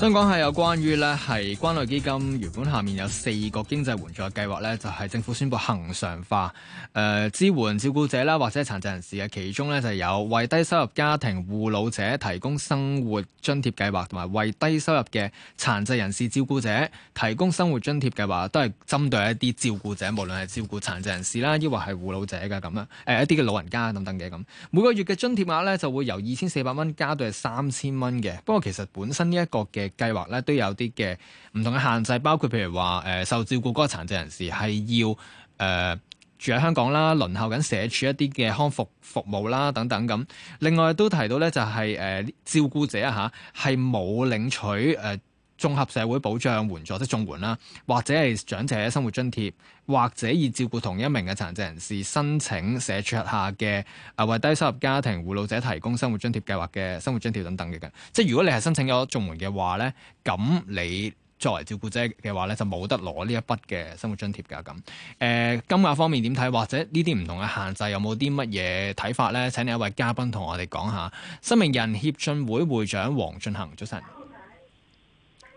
香港係有關於咧，係關愛基金原本下面有四個經濟援助計劃咧，就係政府宣布恒常化，誒支援照顧者啦，或者係殘疾人士嘅。其中咧就有為低收入家庭護老者提供生活津貼計劃，同埋為低收入嘅殘疾人士照顧者提供生活津貼計劃，都係針對一啲照顧者，無論係照顧殘疾人士啦，抑或係護老者嘅咁啊。誒一啲嘅老人家等等嘅咁，每個月嘅津貼額咧就會由二千四百蚊加到係三千蚊嘅。不過其實本身呢一個嘅計劃咧都有啲嘅唔同嘅限制，包括譬如話誒、呃、受照顧嗰個殘疾人士係要誒、呃、住喺香港啦，輪候緊社署一啲嘅康復服務啦等等咁。另外都提到咧就係、是、誒、呃、照顧者啊嚇係冇領取誒，呃綜合社會保障援助即係綜援啦，或者係長者生活津貼，或者以照顧同一名嘅殘疾人士申請社桌下嘅啊，為低收入家庭護老者提供生活津貼計劃嘅生活津貼等等嘅。即係如果你係申請咗綜援嘅話呢，咁你作為照顧者嘅話呢，就冇得攞呢一筆嘅生活津貼㗎。咁誒、呃，金額方面點睇？或者呢啲唔同嘅限制有冇啲乜嘢睇法呢？請你一位嘉賓同我哋講下。新明人協進會，會會長黃俊恒早晨。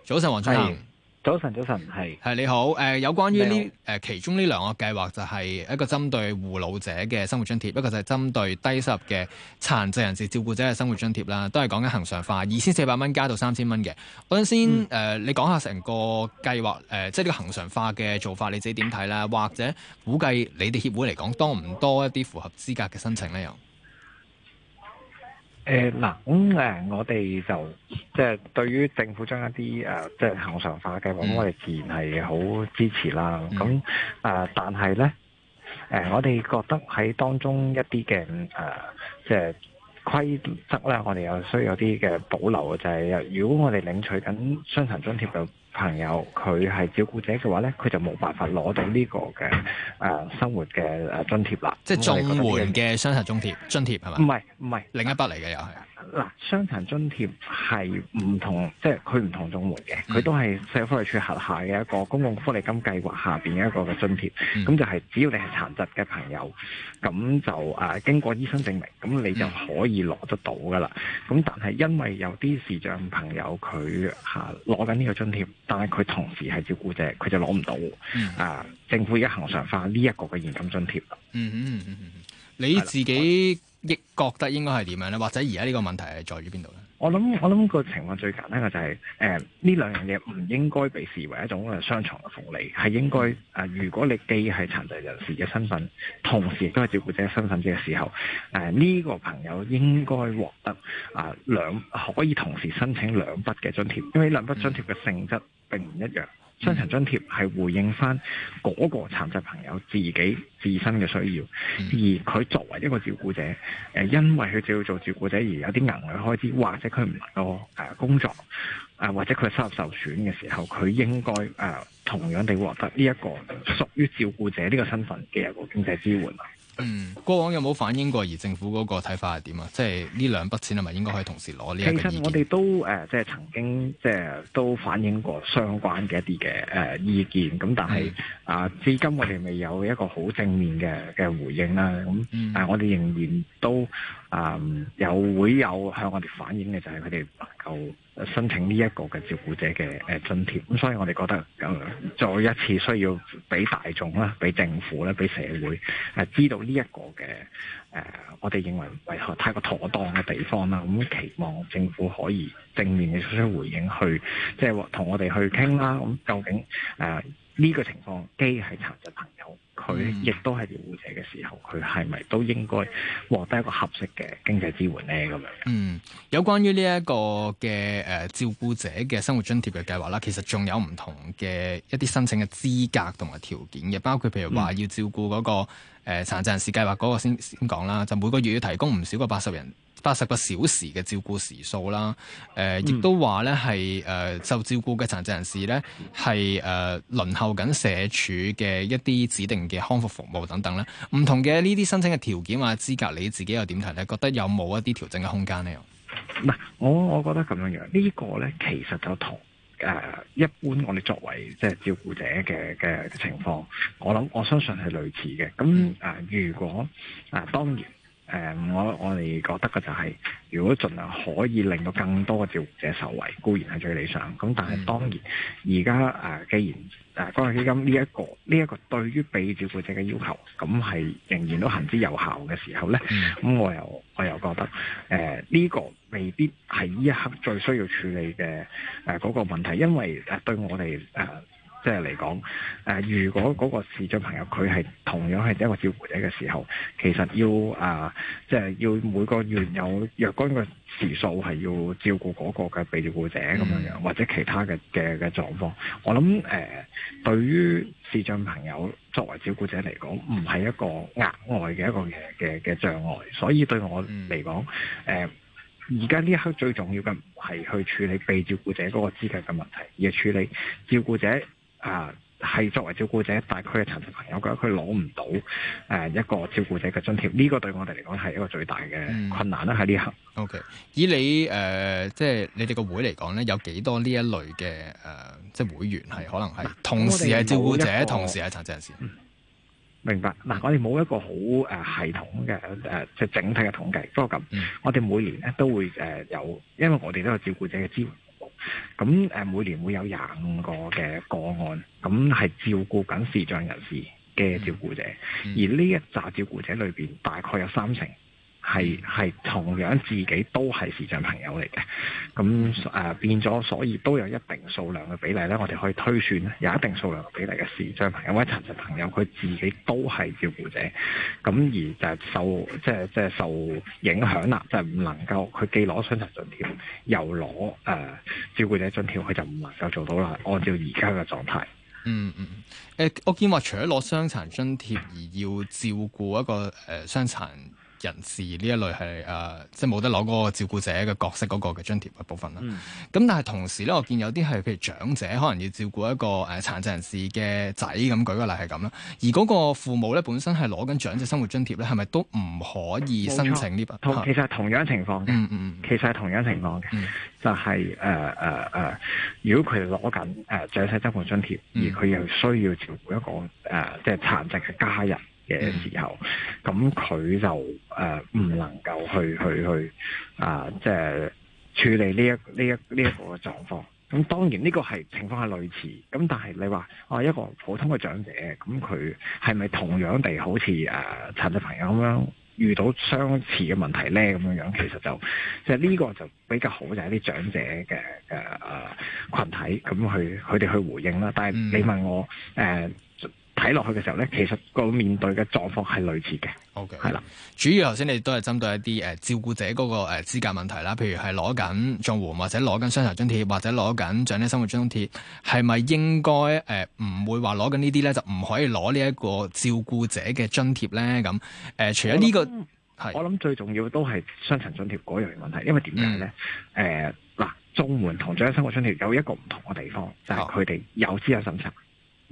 早晨，黃俊恒。早晨，早晨，係係你好。誒、呃，有關於呢誒，其中呢兩個計劃就係一個針對護老者嘅生活津貼，一個就係針對低收入嘅殘疾人士照顧者嘅生活津貼啦。都係講緊恒常化，二千四百蚊加到三千蚊嘅嗰陣先。誒、嗯呃，你講下成個計劃誒，即係呢個恒常化嘅做法，你自己點睇啦？或者估計你哋協會嚟講，多唔多一啲符合資格嘅申請呢？又？誒，嗱， 咁、嗯、誒，我哋就即係對於政府將一啲誒，即係恆常化嘅，咁，我哋自然係好支持啦。咁誒、呃，但係咧，誒、呃，我哋覺得喺當中一啲嘅誒，即、呃、係。規則咧，我哋又需要有啲嘅保留，就係、啊、如果我哋領取緊傷殘津貼嘅朋友，佢係照顧者嘅話咧，佢就冇辦法攞到呢個嘅誒生活嘅誒津貼啦。即係綜援嘅傷殘津貼津貼係咪？唔係，唔係另一筆嚟嘅又係。的嗱，傷殘津貼係唔同，即係佢唔同種類嘅，佢都係社會福利處轄下嘅一個公共福利金計劃下邊嘅一個嘅津貼，咁、嗯、就係只要你係殘疾嘅朋友，咁就誒、啊、經過醫生證明，咁你就可以攞得到㗎喇。咁但係因為有啲視障朋友佢嚇攞緊呢個津貼，但係佢同時係照顧者，佢就攞唔到。嗯、啊，政府而家恆常化呢一個嘅現金津貼。嗯嗯，你自己。亦覺得應該係點樣呢？或者而家呢個問題係在於邊度呢？我諗我諗個情況最簡單嘅就係誒呢兩樣嘢唔應該被視為一種嘅雙重嘅福利，係應該誒、呃、如果你既係殘疾人士嘅身份，同時亦都係照顧者身份嘅時候，誒、呃、呢、呢個朋友應該獲得啊、呃、兩可以同時申請兩筆嘅津貼，因為兩筆津貼嘅性質並唔一樣。嗯雙層津貼係回應翻嗰個殘疾朋友自己自身嘅需要，而佢作為一個照顧者，誒、呃，因為佢只要做照顧者而有啲額外開支，或者佢唔能夠誒工作，誒、呃，或者佢收入受損嘅時候，佢應該誒、呃、同樣地獲得呢一個屬於照顧者呢個身份嘅一個經濟支援。嗯，過往有冇反映過？而政府嗰個睇法係點啊？即係呢兩筆錢係咪應該可以同時攞呢？其實我哋都誒、呃，即係曾經即係都反映過相關嘅一啲嘅誒意見，咁但係啊、嗯呃，至今我哋未有一個好正面嘅嘅回應啦。咁、嗯嗯、但係我哋仍然都。啊，又、嗯、會有向我哋反映嘅就係佢哋能夠申請呢一個嘅照顧者嘅誒津貼，咁所以我哋覺得誒、嗯、再一次需要俾大眾啦、俾政府啦、俾社會誒、啊、知道呢一個嘅誒、呃，我哋認為為何太過妥當嘅地方啦，咁、嗯、期望政府可以正面嘅作出回應，去即係同我哋去傾啦，咁、啊、究竟誒呢、呃，這個情況基係殘疾朋友。佢亦都係照顧者嘅時候，佢係咪都應該獲得一個合適嘅經濟支援呢？咁樣嗯，有關於呢一個嘅誒、呃、照顧者嘅生活津貼嘅計劃啦，其實仲有唔同嘅一啲申請嘅資格同埋條件嘅，包括譬如話要照顧嗰、那個誒殘疾人士計劃嗰個先先講啦，就每個月要提供唔少過八十人。八十個小時嘅照顧時數啦，誒、呃，亦都話咧係誒受照顧嘅殘疾人士咧係誒輪候緊社署嘅一啲指定嘅康復服務等等咧，唔同嘅呢啲申請嘅條件或者資格，你自己又點睇咧？覺得有冇一啲調整嘅空間咧？嗱，我我覺得咁樣樣，這個、呢個咧其實就同誒、呃、一般我哋作為即係照顧者嘅嘅情況，我諗我相信係類似嘅。咁誒、呃，如果啊、呃、當然。誒、呃，我我哋覺得嘅就係、是，如果儘量可以令到更多嘅照顧者受惠，固然係最理想。咁但係當然，而家誒，既然誒關愛基金呢、這、一個呢一、這個對於被照顧者嘅要求，咁係仍然都行之有效嘅時候呢，咁、嗯嗯、我又我又覺得誒呢、呃這個未必係呢一刻最需要處理嘅誒嗰個問題，因為誒、呃、對我哋誒。呃即係嚟講，誒、呃，如果嗰個視障朋友佢係同樣係一個照顧者嘅時候，其實要啊、呃，即係要每個月有若干嘅時數係要照顧嗰個嘅被照顧者咁樣樣，嗯、或者其他嘅嘅嘅狀況，我諗誒、呃，對於視障朋友作為照顧者嚟講，唔係一個額外嘅一個嘅嘅障礙，所以對我嚟講，誒、嗯，而家呢一刻最重要嘅唔係去處理被照顧者嗰個資格嘅問題，而係處理照顧者。啊，係、uh, 作為照顧者，但係佢嘅殘疾朋友覺得佢攞唔到，誒、uh, 一個照顧者嘅津貼，呢、呢個對我哋嚟講係一個最大嘅困難啦、啊，喺呢一刻。這 o、okay. K. 以你誒，uh, 即係你哋個會嚟講咧，有幾多呢一類嘅誒，uh, 即係會員係可能係、嗯、同時係照顧者，同時係殘疾人士。明白。嗱、嗯，我哋冇一個好誒系統嘅誒，即、uh, 係整體嘅統計，不過咁，嗯、我哋每年咧都會誒、uh, 有，因為我哋都有照顧者嘅支咁誒，每年會有廿五個嘅個案，咁係照顧緊視障人士嘅照顧者，嗯嗯、而呢一紮照顧者裏邊，大概有三成。係係同樣自己都係失明朋友嚟嘅，咁誒、呃、變咗，所以都有一定數量嘅比例咧。我哋可以推算咧，有一定數量比例嘅失明朋友或者殘疾朋友，佢自己都係照顧者，咁而就受即係即係受影響啦，就唔、是、能夠佢既攞傷殘津貼，又攞誒、呃、照顧者津貼，佢就唔能夠做到啦。按照而家嘅狀態，嗯嗯誒、呃，我見話除咗攞傷殘津貼而要照顧一個誒傷、呃、殘。人士呢一類係誒，即係冇得攞嗰個照顧者嘅角色嗰個嘅津貼嘅部分啦。咁、嗯、但係同時咧，我見有啲係譬如長者可能要照顧一個誒、呃、殘疾人士嘅仔咁，舉個例係咁啦。而嗰個父母咧本身係攞緊長者生活津貼咧，係咪都唔可以申請呢？同其實係同樣情況嘅，嗯嗯，其實係同樣情況嘅，就係誒誒誒，如果佢攞緊誒長者生活津貼，而佢又需要照顧一個誒即係殘疾嘅家人嘅時候。咁佢就誒唔、呃、能夠去去去啊，即、呃、係、就是、處理呢一呢一呢一,一個嘅狀況。咁當然呢個係情況係類似，咁但係你話啊一個普通嘅長者，咁佢係咪同樣地好似誒親戚朋友咁樣遇到相似嘅問題咧？咁樣樣其實就即係呢個就比較好，就係、是、啲長者嘅誒誒羣體咁去佢哋去回應啦。但係你問我誒，呃睇落去嘅時候咧，其實個面對嘅狀況係類似嘅。O K，係啦，主要頭先你都係針對一啲誒、呃、照顧者嗰個誒資格問題啦，譬如係攞緊綜援或者攞緊雙層津貼或者攞緊長者生活津貼，係咪應該誒唔會話攞緊呢啲咧就唔可以攞呢一個照顧者嘅津貼咧？咁、呃、誒，除咗呢、這個，係我諗想的最重要都係雙層津貼嗰樣問題，因為點解咧？誒、嗯，嗱、呃，綜援同長者生活津貼有一個唔同嘅地方，就係佢哋有資格審查。哦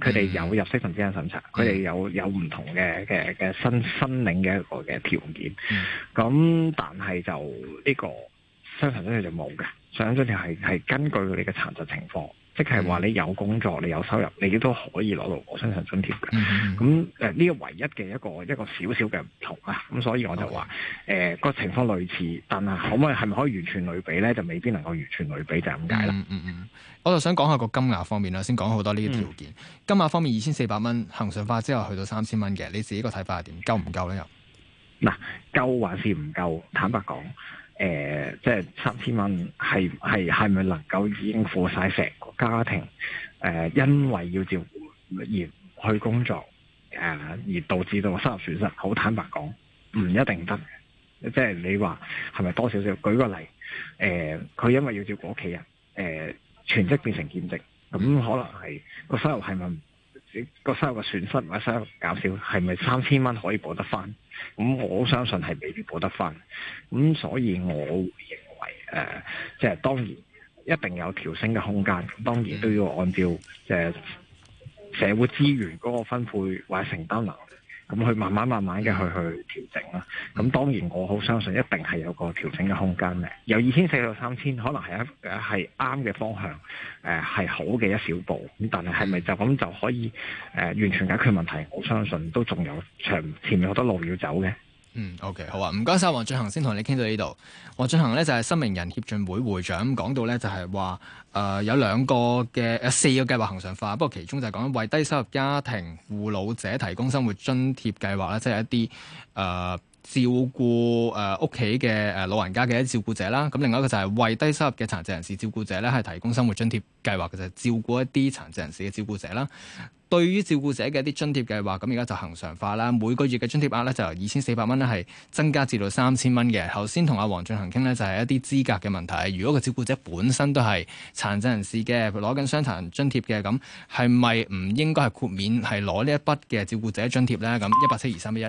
佢哋有入息，甚至有審查，佢哋有有唔同嘅嘅嘅申申領嘅一個嘅條件。咁但係就呢個傷殘津貼就冇嘅，傷殘津貼係係根據佢哋嘅殘疾情況。即係話，你有工作，你有收入，你都可以攞到我身上津貼嘅。咁誒、嗯，呢個唯一嘅一個一個少少嘅唔同啊。咁所以我就話，誒個 Okay.、呃、情況類似，但係可唔可以係咪可以完全類比呢？就未必能夠完全類比，就係、是、咁解啦、嗯。嗯嗯我就想講下個金額方面啦，先講好多呢啲條件。金額方面，二千四百蚊，恆常化之後去到三千蚊嘅，你自己個睇法係點？夠唔夠呢？又嗱，夠還是唔夠？坦白講。嗯誒、呃，即係三千蚊係係係咪能夠應付晒成個家庭？誒、呃，因為要照顧而去工作，誒、呃、而導致到個收入損失。好坦白講，唔一定得。即係你話係咪多少少？舉個例，誒、呃，佢因為要照顧屋企人，誒、呃、全職變成兼職，咁可能係個收入係咪？個收入嘅損失或者收入減少，係咪三千蚊可以補得翻？咁我相信係未必補得翻。咁所以我認為，誒、呃，即係當然一定有調升嘅空間，當然都要按照即係社會資源嗰個分配或者承擔能力。咁佢慢慢慢慢嘅去去調整啦。咁當然我好相信，一定係有個調整嘅空間嘅。由二千四到三千，可能係一係啱嘅方向，誒、呃、係好嘅一小步。咁但係係咪就咁就可以誒、呃、完全解決問題？我相信都仲有長前面好多路要走嘅。嗯，OK，好啊，唔該晒，黃俊恒，先同你傾到呢度。黃俊恒呢，就係失明人協進會會長，講到呢，就係話，誒有兩個嘅四個計劃恆常化，不過其中就係講為低收入家庭護老者提供生活津貼計劃咧，即、就、係、是、一啲誒、呃、照顧誒屋企嘅誒老人家嘅一啲照顧者啦。咁另外一個就係為低收入嘅殘疾人士照顧者呢係提供生活津貼計劃嘅，就係，照顧一啲殘疾人士嘅照顧者啦。對於照顧者嘅一啲津貼計劃，咁而家就恆常化啦。每個月嘅津貼額咧就由二千四百蚊咧係增加至到三千蚊嘅。頭先同阿黃俊恒傾呢，就係一啲資格嘅問題。如果個照顧者本身都係殘疾人士嘅，攞緊傷殘津貼嘅，咁係咪唔應該係豁免係攞呢一筆嘅照顧者津貼呢？咁一八七二三一一。